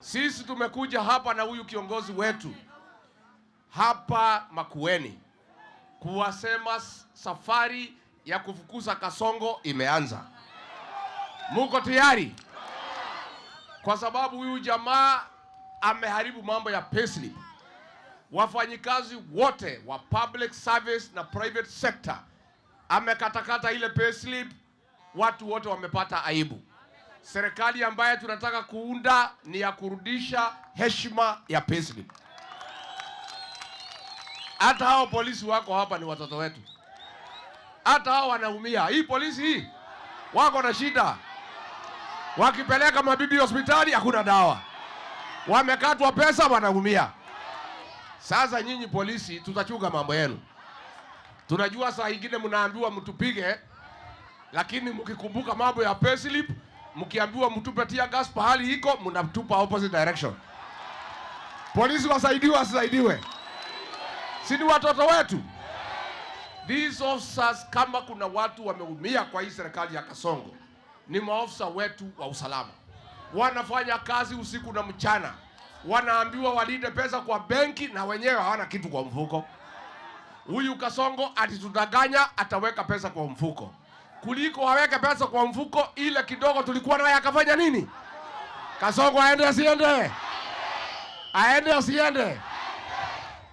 Sisi tumekuja hapa na huyu kiongozi wetu hapa Makueni kuwasema safari ya kufukuza kasongo imeanza. Muko tayari? Kwa sababu huyu jamaa ameharibu mambo ya payslip. Wafanyikazi wote wa public service na private sector amekatakata ile payslip, watu wote wamepata aibu. Serikali ambayo tunataka kuunda ni ya kurudisha heshima ya Paisley. Hata hao polisi wako hapa ni watoto wetu, hata hao wanaumia. Hii polisi hii wako na shida, wakipeleka mabibi hospitali hakuna dawa, wamekatwa pesa, wanaumia. Sasa nyinyi polisi, tutachunga mambo yenu. Tunajua saa ingine mnaambiwa mtupige, lakini mkikumbuka mambo ya payslip mkiambiwa mtupe tia gas pahali iko mnatupa opposite direction. Polisi wasaidiwe wasaidiwe, si ni watoto wetu these officers. Kama kuna watu wameumia kwa hii serikali ya Kasongo ni maofisa wetu wa usalama, wanafanya kazi usiku na mchana, wanaambiwa walinde pesa kwa benki na wenyewe hawana kitu kwa mfuko. Huyu Kasongo atitudaganya ataweka pesa kwa mfuko kuliko aweke pesa kwa mfuko ile kidogo tulikuwa naye akafanya nini? Kasongo aende asiende? Aende asiende?